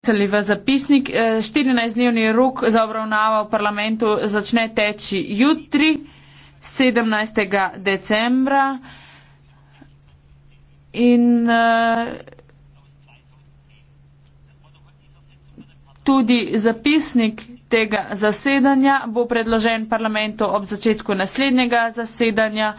Zapisali v zapisnik, 14-dnevni eh, rok za obravnavo v parlamentu začne teči jutri, 17. decembra. In eh, tudi zapisnik tega zasedanja bo predložen parlamentu ob začetku naslednjega zasedanja.